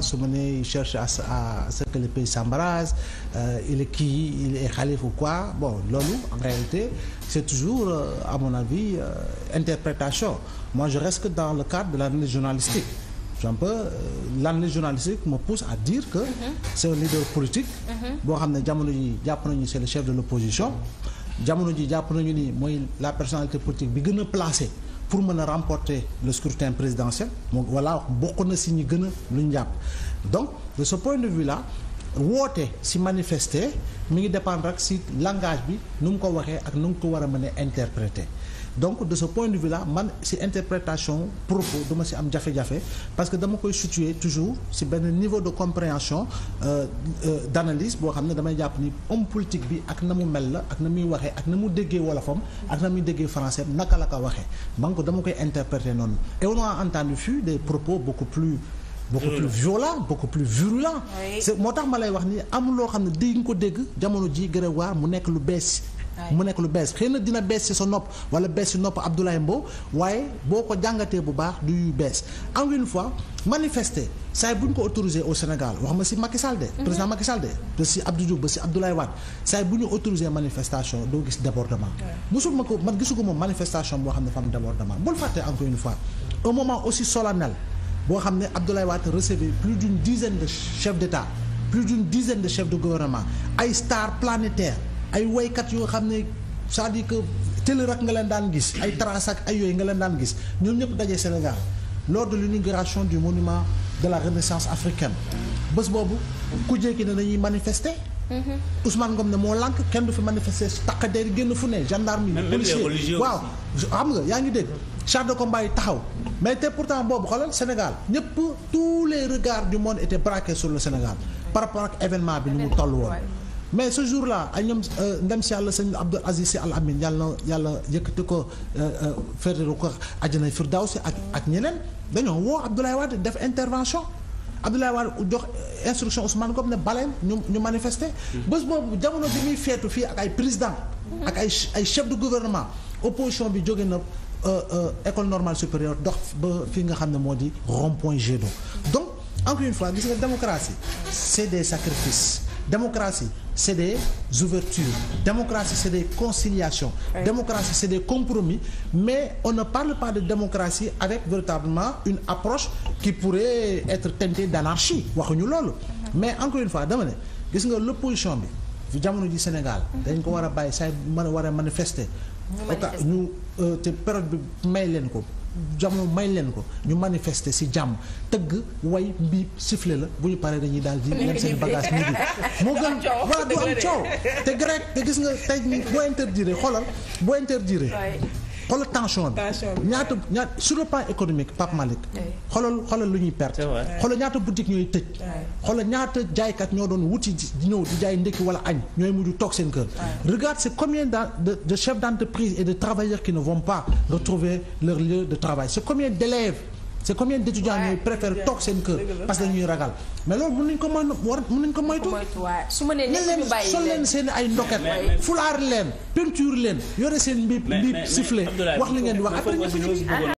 su ma nee il cherche à à ce que le pays s'embarrasse euh, il est kii il est xalif ou quoi bon loolu en réalité c'est toujours euh, à mon avis euh, interprétation moi je reste dans le cadre de l'analyse journalistique un peu l'analyse journalistique me pousse à dire que mhm. c'est un leader politique mhm. boo xam ne jamono ji jàpp nañu c'est le chef de l'opposition jamono ji jàpp nañu ni mooy la personnalité politique bi gën a placée pour mën a remporter le scrutin présidentiel moom voilà bokk na si ñi gën a lu ñu jàpp donc de ce point de vue là woote si manifester mi ngi dépendre rek si langage bi nu mu ko waxee ak nu mu ko war a mën a interpréter donc de ce point de vue là man si interprétation propos duma si am jafe-jafe parce que dama koy situer toujours si benn niveau de compréhension euh, euh, d'analyse boo xam ne damay jàpp ni homme politique bi ak na mu mel la ak na muy waxee ak na mu déggee wolofam ak na muy déggee français naka la ko waxee man ko dama koy interpréter noonu et on a entendu fii des propos beaucoup plus beaucoup plus violent ko plus virulent. c'est moo tax ma lay wax ni am loo xam ne di nga ko dégg jamono ji gërëwaar mu nekk lu bees. mu nekk lu bees xëy na dina bees ci sa nopp wala bees ci nopp Abdoulaye Mbow waaye boo ko jàngatee bu baax du bees encore une fois manifester saa bu ko autorisé au Sénégal wax ma si Macky Sall de mhm. président Macky Sall de te ci Abdou Diouf ba ci Abdoulaye Wade saa bu ñu autorisé manifestation doo gis débordement musul ma ko man gisugu moom manifestation boo xam ne dafa am débordement bul fàtte encore une fois un moment aussi solennel boo xam ne Abdoulaye Wade recevait plus d'une dizaine de chefs d'État plus d'une dizaine de chefs de gouvernement ay woykat yoo xam ne cest à que télé rek nga leen daan gis ay traces ak ay yooyu nga leen daan gis ñoom ñëpp dajee Sénégal lors de l'inauguration du monument de la renaissance africaine bés boobu ku jékki ne dañuy manifester. Mm-hmm. Ousmane Ngom ne moo lank kenn du fi manifester takk der génn fu ne gendarme yi policier waaw xam nga yaa ngi dégg char de combat yi taxaw mais te pourtant boobu xoolal Sénégal ñëpp tous les regards du monde étaient braqués sur le Sénégal par rapport ak événement bi ni mu toll woon mais ce jour là ay ñoom euh, ndem si yàlla sëñ Abdou Aziz Sy Al Amin yàlla na yàlla yëkkati ko euh, euh, ferru ko àjjana si ak ak ñeneen dañoo woo Abdoulaye Wade def intervention Abdoulaye Wade jox instruction Ousmane Ngom ne baleen ñu ñu manifester. Mm-hmm. bés boobu jamono bi muy feetu fii ak ay président ak ay ay chef de gouvernement opposition bi jóge na école normale supérieure dox ba fii nga xam ne moo di rond point Gédo donc encore une fois gis nga démocratie c'est des sacrifices démocratie c'est des ouvertures démocratie c'est des conciliations oui. démocratie c'est des compromis mais on ne parle pas de démocratie avec véritablement une approche qui pourrait être teintée d'anarchie waxuñu loolu mais encore une fois dama ne gis nga l'opposition bi fi jamono ji Sénégal dañ ko war a bàyyi say mën war a manifester ñu euh, te période bi may leen ko jamono may leen ko ñu manifester si jàmm tëgg way mbiib sifflé la bu ñu paree dañuy daal di dem seen bagage midi moo gën waaw du am coow te grec te gis nga tey boo interdire xoolal boo interdire xoolal tension bi ñaata ñaata sur le plan économique Pape Malick xoolal xoolal lu ñuy perte xoolal ñaata boutique ñooy tëj xoolal ñaata jaaykat ñoo doon wuti di ñëw di jaay ndékki wala añ ñooy mujj toog seen kër regarde c'est combien de de chefs d'entreprise et de travailleurs qui ne vont pas retrouver leur lieu de travail c'est combien d'élèves c'est combien d'étudiants ñooy préfèrent toog seen kër parce que dañuy ragal mais loolu mën nañ ko mën war mën nañ ko moytu su ma nee leen sol leen seen ay ndoket fulaar leen peinture leen yore seen mbiib mbiib sifflet wax li ngeen di wax